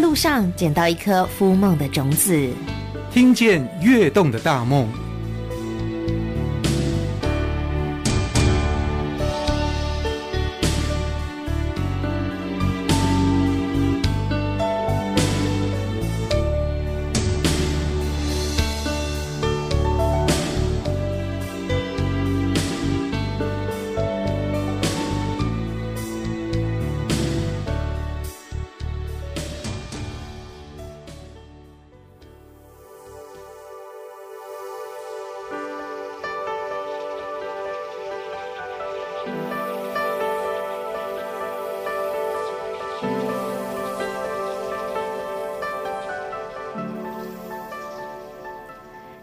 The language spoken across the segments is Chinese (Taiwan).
路上撿到一顆孵夢的種子，聽見躍動的大夢。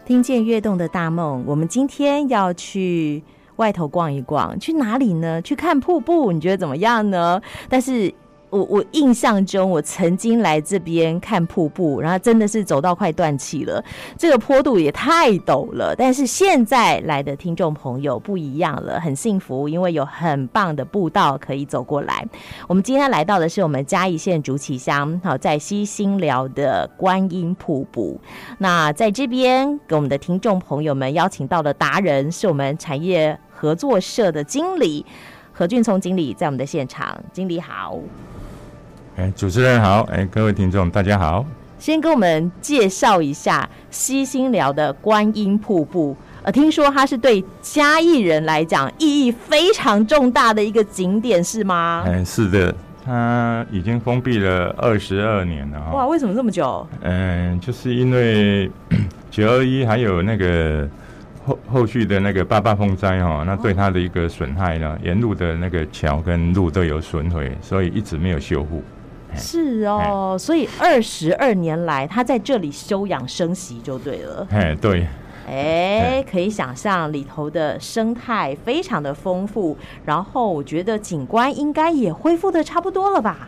聽見躍動的大夢，我們今天要去外頭逛一逛，去哪裡呢？去看瀑布，你覺得怎麼樣呢？但是。我我印象中，我曾經來這邊看瀑布，然後真的是走到快斷氣了，這個坡度也太陡了。但是現在來的聽眾朋友不一樣了，很幸福，因為有很棒的步道可以走過來。我們今天來到的是我們嘉義縣竹崎鄉，好在溪心寮的觀音瀑布。那在這邊，給我們的聽眾朋友們邀請到的達人，是我們產業合作社的經理。何俊聰經理在我們的現場，經理好。哎、欸，主持人好，哎、欸，各位聽眾大家好。先跟我們介紹一下溪心寮的觀音瀑布。呃、啊，聽說它是對嘉義人來講意義非常重大的一個景點，是嗎？嗯、欸，是的，它已經封閉了二十二年了、哦。哇，為什麼這麼久？嗯、呃，就是因為九二一還有那個。後後續的那個八八風災哈、哦，那對他的一個損害呢，沿路的那個橋跟路都有損毀，所以一直沒有修復。是哦，嘿所以二十二年來，他在這裡休養生息就對了。哎，對，哎，可以想象，裡頭的生態非常的豐富，然後我覺得景觀應該也恢復得差不多了吧。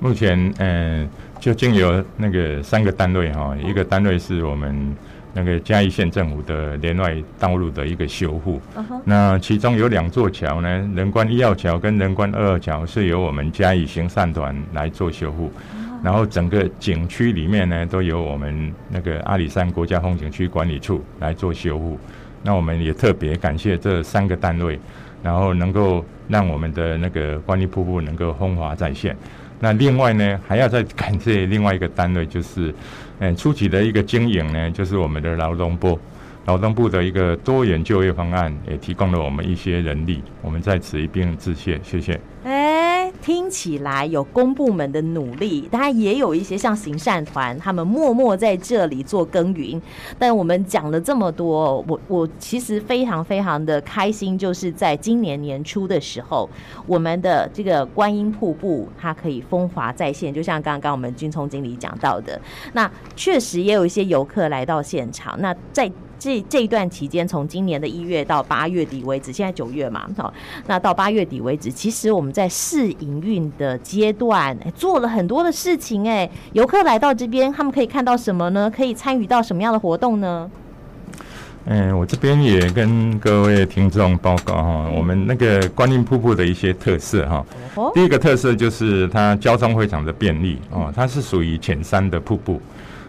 目前，嗯、呃，就經由那個三個單位哈、哦，嗯、一個單位是我們。那個嘉義縣政府的聯外道路的一個修復，uh huh. 那其中有兩座橋呢，仁觀一號橋跟仁觀二號橋是由我們嘉義行善團來做修復，uh huh. 然後整個景區裡面呢，都由我們那個阿里山國家風景區管理處來做修復，那我們也特別感謝這三個單位，然後能夠讓我們的那個觀音瀑布能夠風華再現。那另外呢，還要再感謝另外一個單位，就是，嗯、欸，初級的一個經營呢，就是我們的勞動部，勞動部的一個多元就業方案也提供了我們一些人力，我們在此一併致謝，謝謝。聽起來有公部門的努力，當然也有一些像行善團，他們默默在這裡做耕耘。但我們講了這麼多，我我其實非常非常的開心，就是在今年年初的時候，我們的這個觀音瀑布它可以風華再現，就像剛剛我們軍聰經理講到的，那確實也有一些遊客來到現場。那在。這這一段期間，從今年的一月到八月底為止，現在九月嘛，那到八月底為止，其實我們在試營運的階段、哎、做了很多的事情。哎，遊客來到這邊，他們可以看到什麼呢？可以參與到什麼樣的活動呢？嗯、哎，我這邊也跟各位聽眾報告哈，嗯、我們那個觀音瀑布的一些特色哈。嗯哦哦、第一個特色就是它交通非常的便利啊、哦，它是屬於淺山的瀑布。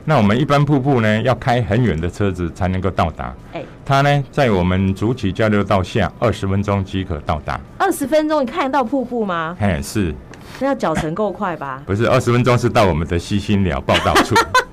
那我們一般瀑布呢，要開很遠的車子才能夠到達。哎、欸，它呢，在我們竹崎交流道下二十分鐘即可到達。二十分鐘，你看得到瀑布嗎？哎，是。那要腳程夠快吧？不是，二十分鐘是到我們的溪心寮報到處。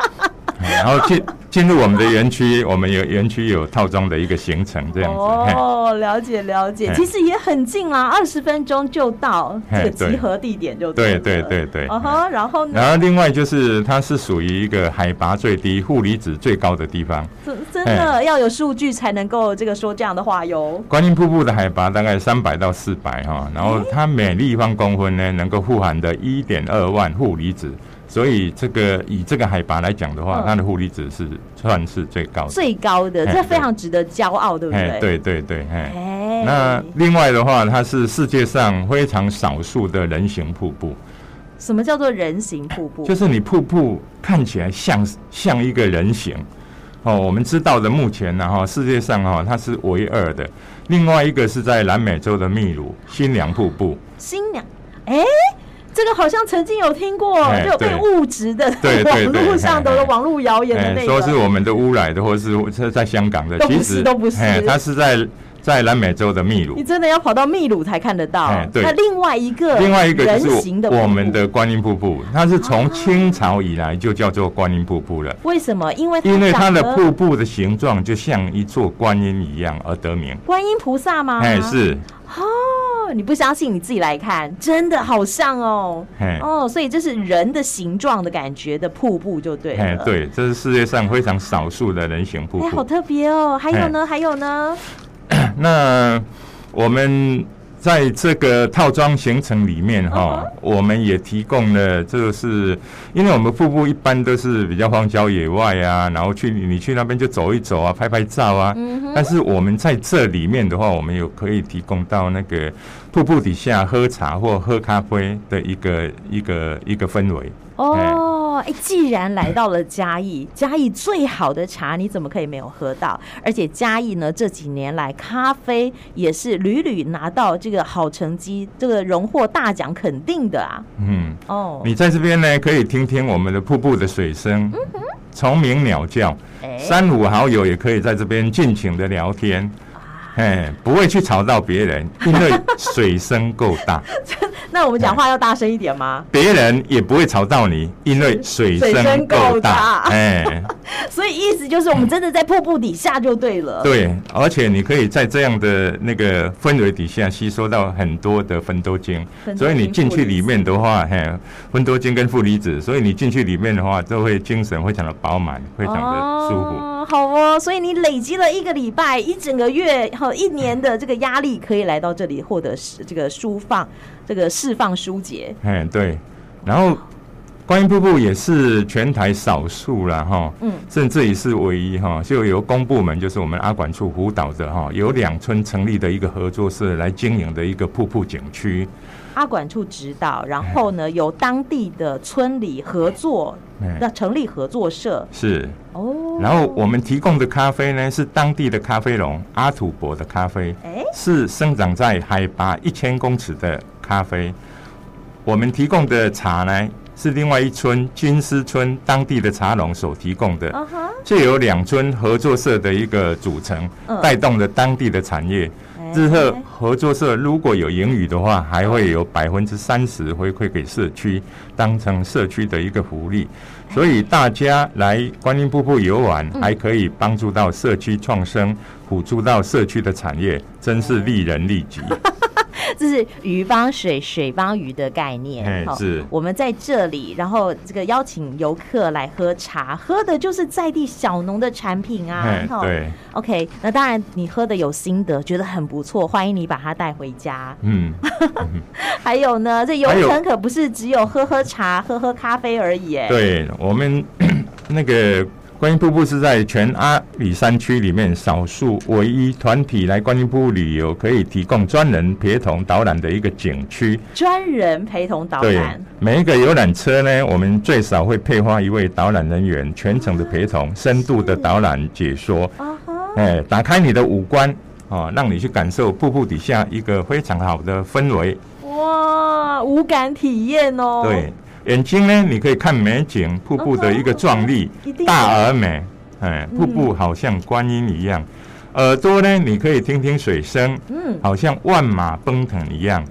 然後進進入我們的園區， 我們有園區有套裝的一個行程，這樣子哦，了解了解，嘿其實也很近啊，二十分鐘就到這個集合地點就對對對對，對對對 uh-huh, 然後呢然後另外就是它是屬於一個海拔最低、負離子最高的地方，真真的嘿要有數據才能夠這個說這樣的話喲。觀音瀑布的海拔大概三百到四百哈，然後它每立方公分呢能夠富含的一點二萬負離子。所以這個以這個海拔來講的話，嗯、它的負離子是算是最高、的。最高的，嘿這非常值得驕傲，對不對？嘿對對對，嘿嘿那另外的話，它是世界上非常少數的人形瀑布。什麼叫做人形瀑布？就是你瀑布看起來像像一個人形哦。我們知道的，目前呢、啊、哈，世界上哈、啊、它是唯二的，另外一個是在南美洲的秘魯新娘瀑布。新娘，哎、欸。這個好像曾經有聽過，就被誤植的，對對對，網絡上的網絡謠言的那個，說是我們的污染的，或者是是在香港的，其實都不是，他是在。在南美洲的秘魯，你真的要跑到秘魯才看得到。對，那另外一個，另外一個人形的，我們的觀音瀑布，它是從清朝以來就叫做觀音瀑布了。為什麼？因為因為它的瀑布的形狀就像一座觀音一樣而得名。觀音菩薩嗎？哎，是。哦，你不相信你自己來看，真的好像哦。嘿哦，所以這是人的形狀的感覺的瀑布就對了。哎，對，這是世界上非常少數的人形瀑布。哎，好特別哦。還有呢？還有呢？ 那我們在這個套裝行程裡面，uh，哈、huh.，我們也提供了，就是因為我們瀑布一般都是比較荒郊野外啊，然後去你去那邊就走一走啊，拍拍照啊、uh。Huh. 但是我們在這裡面的話，我們有可以提供到那個瀑布底下喝茶或喝咖啡的一個一個一個，一個氛圍。uh。哦、huh.。嗯哦欸、既然來到了嘉義，嘉義最好的茶你怎麼可以沒有喝到？而且嘉義呢這幾年來，咖啡也是屢屢拿到這個好成績，這個榮獲大獎肯定的啊。嗯，哦，你在這邊呢可以聽聽我們的瀑布的水聲，蟲鳴、嗯、哼鳥叫，哎、三五好友也可以在這邊盡情的聊天，哎，哎，不會去吵到別人，哎、因為水聲夠大。 那我們講話要大聲一點嗎？嗯、別人也不會吵到你，因為水聲夠大。哎，嘿 所以意思就是我們真的在瀑布底下就對了。嗯、對，而且你可以在這樣的那個氛圍底下，吸收到很多的芬多精。多所以你進去裡面的話，嘿，芬多精跟負離子，所以你進去裡面的話，都會精神非常的飽滿，非常的舒服、啊。好哦，所以你累積了一個禮拜、一整個月、和一年的這個壓力，可以來到這裡獲得這個舒放。這個釋放疏解，哎對，然後觀音瀑布也是全台少數了哈，嗯，甚至也是唯一哈，就由公部門，就是我們阿管處輔導的哈，有兩村成立的一個合作社來經營的一個瀑布景區。阿管處指導，然後呢，由當地的村裡合作，那成立合作社是哦，然後我們提供的咖啡呢，是當地的咖啡農阿土伯的咖啡，是生長在海拔一千公尺的。咖啡，我們提供的茶呢，是另外一村金獅村當地的茶農所提供的，uh huh. 這有兩村合作社的一個組成，uh huh. 帶動了當地的產業。日、uh huh. 後合作社如果有盈餘的話，uh huh. 還會有百分之三十，回饋給社區，當成社區的一個福利。Uh huh. 所以大家來觀音瀑布遊玩，uh huh. 還可以幫助到社區創生，輔助到社區的產業，真是利人利己。Uh huh. 這是魚幫水，水幫魚的概念。是、哦，我們在這裡，然後這個邀請遊客來喝茶，喝的就是在地小農的產品啊。對、哦。OK，那當然，你喝的有心得，覺得很不錯，歡迎你把它帶回家。嗯。 還有呢，有這遊程可不是只有喝喝茶、有喝喝咖啡而已。哎，對我們咳咳那個。觀音瀑布是在全阿里山區裡面少數唯一團體來觀音瀑布旅遊可以提供專人陪同導覽的一個景區。專人陪同導覽。對，每一個遊覽車呢，我們最少會配發一位導覽人員，全程的陪同、深度的導覽解說。啊哈、哎。打開你的五官，哦，讓你去感受瀑布底下一個非常好的氛圍。哇，五感體驗哦。對。眼睛呢，你可以看美景瀑布的一個壯麗，大而美，哎，瀑布好像觀音一樣。耳朵呢，你可以聽聽水聲，嗯，好像萬馬奔騰一樣。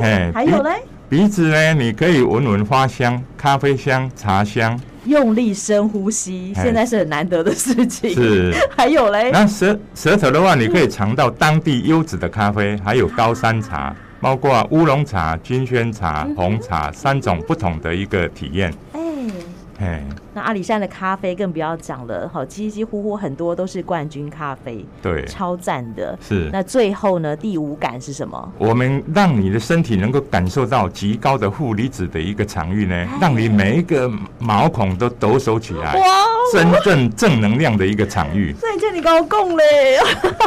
哎，還有嘞，鼻子呢，你可以聞聞花香、咖啡香、茶香。用力深呼吸，現在是很難得的事情。是，還有嘞，那舌舌頭的話，你可以嘗到當地優質的咖啡，還有高山茶。包括烏龍茶、金萱茶、紅茶三種不同的一個體驗。哎。哎阿里山的咖啡更不要講了，好，幾幾乎乎很多都是冠軍咖啡，對，超讚的。是那最後呢，第五感是什麼？我們讓你的身體能夠感受到極高的負離子的一個場域呢，唉讓你每一個毛孔都抖擻起來，哇，哇真正正能量的一個場域。在這裡跟我共咧，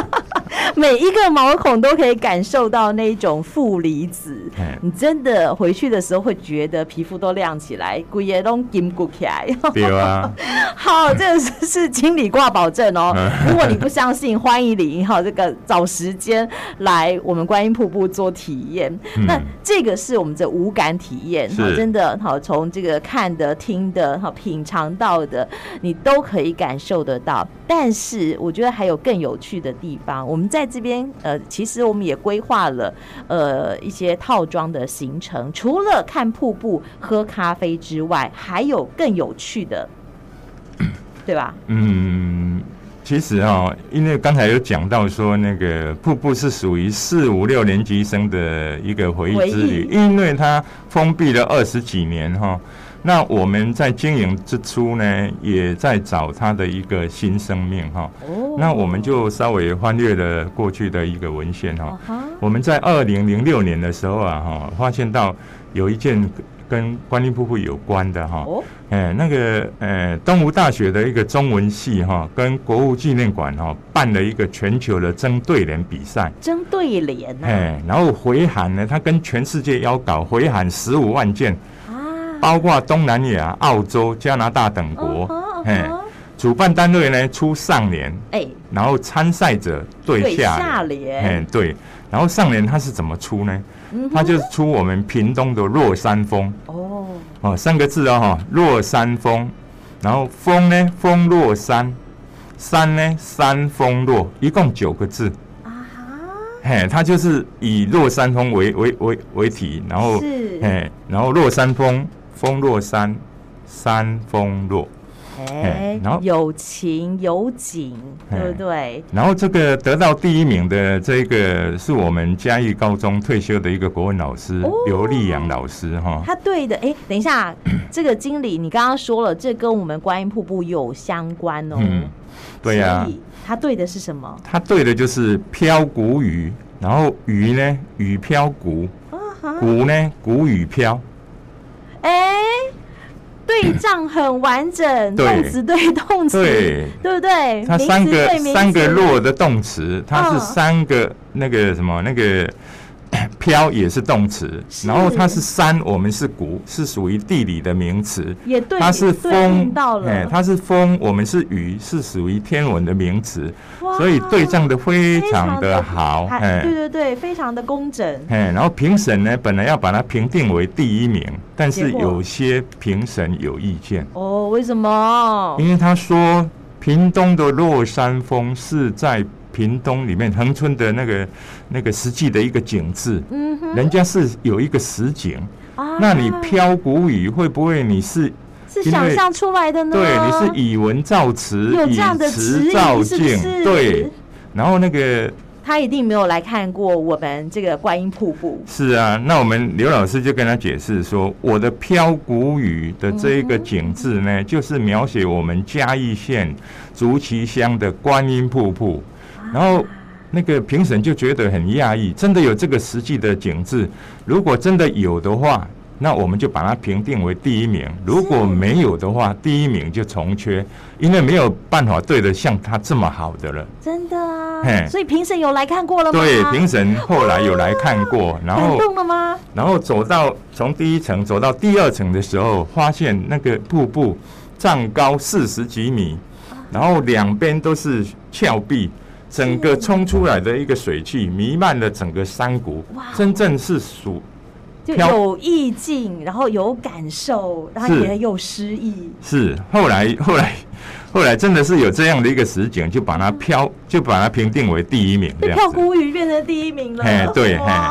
每一個毛孔都可以感受到那種負離子，唉你真的回去的時候會覺得皮膚都亮起來，整個都緊繃起來。 有啊， 好，這個是經理掛保證哦。如果你不相信， 歡迎你好這個找時間來我們觀音瀑布做體驗。嗯、那這個是我們的五感體驗，真的好，從這個看的、聽的、哈品嘗到的，你都可以感受得到。但是我覺得還有更有趣的地方。我們在這邊呃，其實我們也規劃了呃一些套裝的行程，除了看瀑布、喝咖啡之外，還有更有趣。的，對吧？嗯，其實哈、啊，因為剛才有講到說，那個瀑布是屬於四五六年級生的一個回憶之旅，一因為它封閉了二十幾年哈、哦。那我們在經營之初呢，也在找它的一個新生命哈。哦哦、那我們就稍微翻閱了過去的一個文獻、哦、哈。我們在二零零六年的時候啊哈、哦，發現到有一件，跟觀音瀑布有關的哈，哎、哦欸，那個呃、欸，東吳大學的一個中文系哈，跟國務紀念館哈辦了一個全球的爭對聯比賽，爭對聯哎、啊欸，然後回函呢，他跟全世界要搞回函十五萬件啊，包括東南亞、澳洲、加拿大等國，哎、啊。啊主辦單位呢，出上聯，欸、然後參賽者對下，對下聯，哎，對，然後上聯他是怎麼出呢？嗯、哼他就是出我們屏東的落山風哦，哦，三個字啊、哦、哈，落山風，然後風呢，風落山，山呢，山風落，一共九個字啊哈，嘿，他就是以落山風為為為為題，然後是，然後落山風，風落山，山風落。哎，欸、有情有景，欸、對不對？然後這個得到第一名的這個是我們嘉義高中退休的一個國文老師劉、哦、立陽老師哈。他對的，哎、欸，等一下， 這個經理你剛剛說了，這個、跟我們觀音瀑布有相關哦。嗯，對呀、啊。他對的是什麼？他對的就是飄谷雨，然後雨呢，雨飄谷啊，谷呢，谷雨飄。哎、哦哈。對仗很完整，對動詞對動詞，對，對不對？它三個三個弱的動詞，它是三個、嗯、那個什麼那個。飄也是動詞，然後它是山，我們是谷，是屬於地理的名詞對。也對，它是風，哎，它是風，我們是雨，是屬於天文的名詞。哇所以對仗的非常的好，哎，啊、嘿對對對，非常的工整。然後評審呢，本來要把它評定為第一名，但是有些評審有意見。哦惑，為什麼？因為他說，屏東的落山風是在。屏東裡面恆春的那個那個實際的一個景致，嗯哼，人家是有一個實景，啊、那你飄谷雨會不會你是是想象出來的呢？對，你是以文造詞，有這樣的詞以詞造境，是是對。然後那個他一定沒有來看過我們這個觀音瀑布，是啊。那我們劉老師就跟他解釋說，我的飄谷雨的這一個景致呢，嗯、哼就是描寫我們嘉義縣竹崎鄉的觀音瀑布。然後那個評審就覺得很訝異，真的有這個實際的景致。如果真的有的話，那我們就把它評定為第一名；如果沒有的話，是第一名就重缺，因為沒有辦法對得像他這麼好的了。真的啊！嘿所以評審有來看過了嗎？對，評審後來有來看過，然後然後走到從第一層走到第二層的時候，發現那個瀑布站高四十幾米，然後兩邊都是峭壁。整個衝出來的一個水汽，彌漫了整個山谷，哇，真正是屬，有意境，然後有感受，然後也有詩意。是後來後來後來真的是有這樣的一個實景，就把它飄，就把它評定為第一名。飄谷雨變成第一名了。哎，對，哎。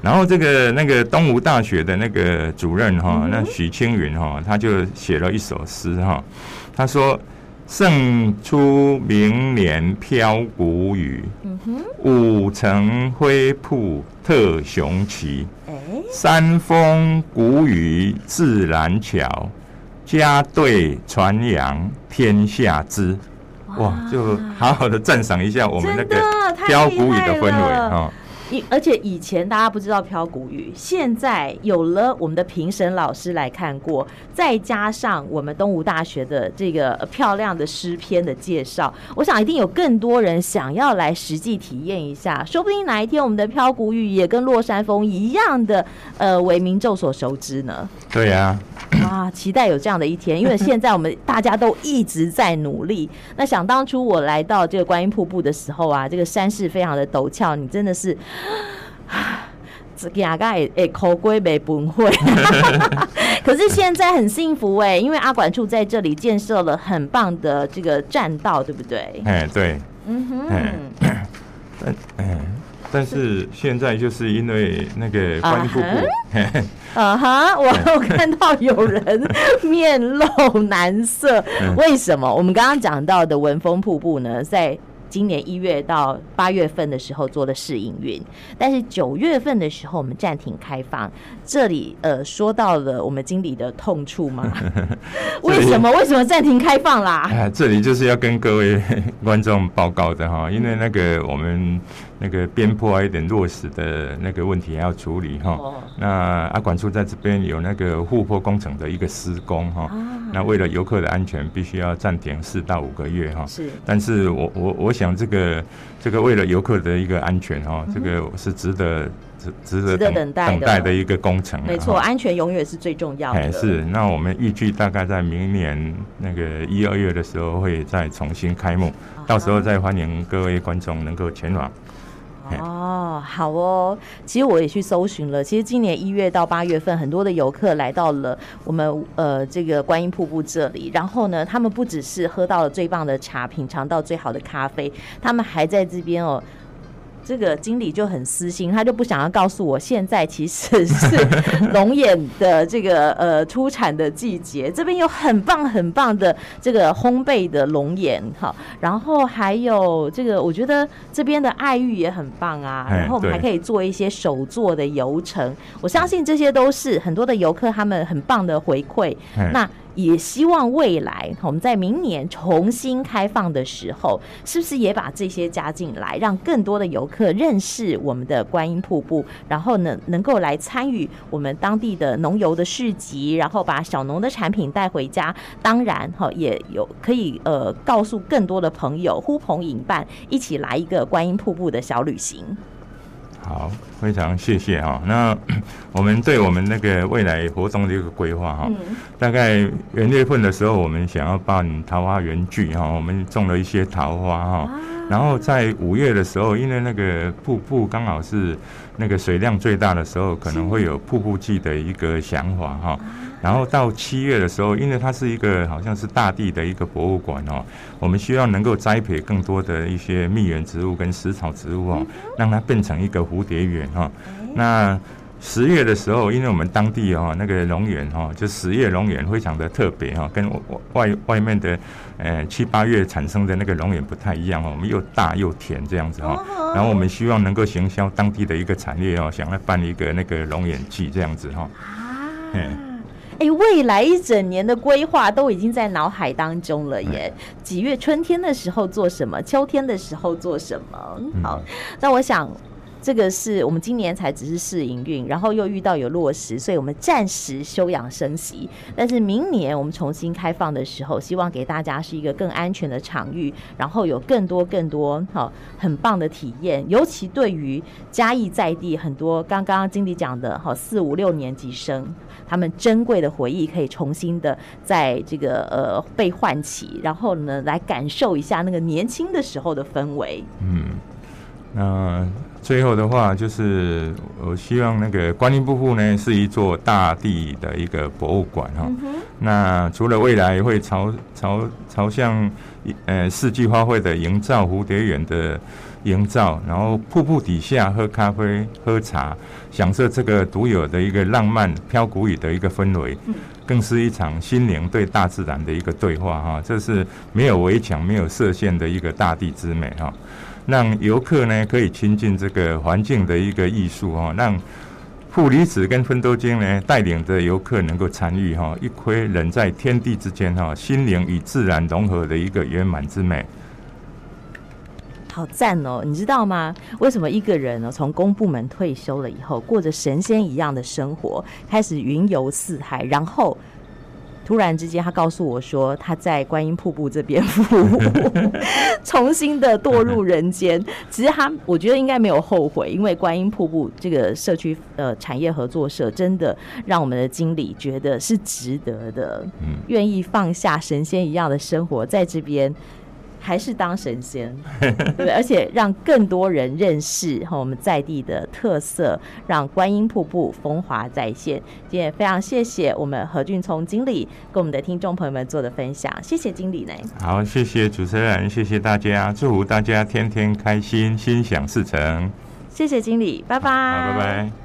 然後這個那個東吳大學的那個主任哈，那許清雲哈，他就寫了一首詩哈，他說。勝出明年飄谷雨，嗯、哼五層飛瀑特雄奇。哎、山風谷雨自然巧，家對傳揚天下知。哇，哇，就好好的讚賞一下我們那個飄谷雨的氛圍而且以前大家不知道飄谷雨，現在有了我們的評審老師來看過，再加上我們東吳大學的這個漂亮的詩篇的介紹，我想一定有更多人想要來實際體驗一下。說不定哪一天我們的飄谷雨也跟落山風一樣的，呃，為民眾所熟知呢？對呀，啊，啊，期待有這樣的一天，因為現在我們大家都一直在努力。 那想當初我來到這個觀音瀑布的時候啊，這個山勢非常的陡峭，你真的是。這個阿蓋也口瓜沒崩壞，可是現在很幸福哎，因為阿管處在這裡建設了很棒的這個棧道，對不對？哎，對，嗯哼，嗯，但，嗯，但是現在就是因為那個觀音瀑布，啊哈，我我看到有人面露難色，為什麼？我們剛剛講到的文峰瀑布呢，在。今年一月到八月份的時候做了試營運，但是九月份的時候我們暫停開放。這裡呃說到了我們經理的痛處嗎？呵呵為什麼為什麼暫停開放啦？啊，這裡就是要跟各位觀眾報告的哈，因為那個我們。那個邊坡還有一點落石的那個問題要處理哈。Oh. 那阿管處在這邊有那個護坡工程的一個施工哈。Ah. 那為了遊客的安全，必須要暫停四到五個月哈。是。但是我我我想這個這個為了遊客的一個安全哈，mm hmm. 這個是值得值得值得等待等待的一個工程。沒錯，安全永遠是最重要的。的、嗯、是。那我們預計大概在明年那個一二月的時候會再重新開幕，oh. 到時候再歡迎各位觀眾能夠前往。哦，好哦。其實我也去搜尋了，其實今年一月到八月份，很多的遊客來到了我們呃這個觀音瀑布這裡，然後呢，他們不只是喝到了最棒的茶，品嘗到最好的咖啡，他們還在這邊哦。這個經理就很私心，他就不想要告訴我，現在其實是龍眼的這個呃 出產的季節，這邊有很棒很棒的這個烘焙的龍眼哈，然後還有這個我覺得這邊的愛玉也很棒啊，嘿然後我們還可以做一些手作的遊程，對我相信這些都是很多的遊客他們很棒的回饋。嘿那。也希望未來我們在明年重新開放的時候，是不是也把這些加進來，讓更多的遊客認識我們的觀音瀑布，然後呢能夠來參與我們當地的農遊的市集，然後把小農的產品帶回家。當然，哈也有可以呃告訴更多的朋友，呼朋引伴一起來一個觀音瀑布的小旅行。好，非常謝謝哈。那我們對我們那個未來活動的一個規劃哈，大概元月份的時候，我們想要辦桃花源季哈，我們種了一些桃花哈。然後在五月的時候，因為那個瀑布剛好是那個水量最大的時候，可能會有瀑布季的一個想法哈。然後到七月的時候，因為它是一個好像是大地的一個博物館哦，我們希望能夠栽培更多的一些蜜源植物跟食草植物哦，讓它變成一個蝴蝶園哈、哦。哎、呀那十月的時候，因為我們當地哦那個龍眼、哦、就十月龍眼會長得特別哈、哦，跟外外面的呃七八月產生的那個龍眼不太一樣我、哦、們又大又甜這樣子哈、哦。然後我們希望能夠行銷當地的一個產業哦，想要辦一個那個龍眼季這樣子哈、哦。啊嗯哎、欸，未來一整年的規劃都已經在腦海當中了耶！嗯、幾月春天的時候做什麼，秋天的時候做什麼？好，嗯、那我想。這個是我們今年才只是試營運，然後又遇到有落石，所以我們暫時休養生息。但是明年我們重新開放的時候，希望給大家是一個更安全的場域，然後有更多更多好、哦、很棒的體驗。尤其對於嘉義在地很多剛剛經理講的好四五六年級生，他們珍貴的回憶可以重新的在這個呃被喚起，然後呢來感受一下那個年輕的時候的氛圍。嗯。那、呃、最後的話就是，我希望那個觀音瀑布呢，是一座大地的一個博物館哈。嗯、哼那除了未來會朝朝朝向呃四季花卉的營造、蝴蝶園的營造，然後瀑布底下喝咖啡、喝茶，享受這個獨有的一個浪漫飄谷雨的一個氛圍，更是一場心靈對大自然的一個對話哈。這是沒有圍牆、沒有設限的一個大地之美哈。讓遊客呢可以親近這個環境的一個藝術哦，讓負離子跟芬多精呢帶領的遊客能夠參與哈、哦，一窺人在天地之間哈、哦，心靈與自然融合的一個圓滿之美。好讚哦！你知道嗎？為什麼一個人呢、哦、從公部門退休了以後，過着神仙一樣的生活，開始雲遊四海，然後？突然之間，他告訴我說，他在觀音瀑布這邊服務， 重新的墮入人間。其實他，我覺得應該沒有後悔，因為觀音瀑布這個社區呃產業合作社，真的讓我們的經理覺得是值得的，願意放下神仙一樣的生活，在這邊。還是當神仙，對對 而且讓更多人認識和我們在地的特色，讓觀音瀑布風華再現。今天也非常謝謝我們何俊聰經理跟我們的聽眾朋友們做的分享，謝謝經理呢。好，謝謝主持人，謝謝大家，祝福大家天天開心，心想事成。謝謝經理，拜拜。拜拜。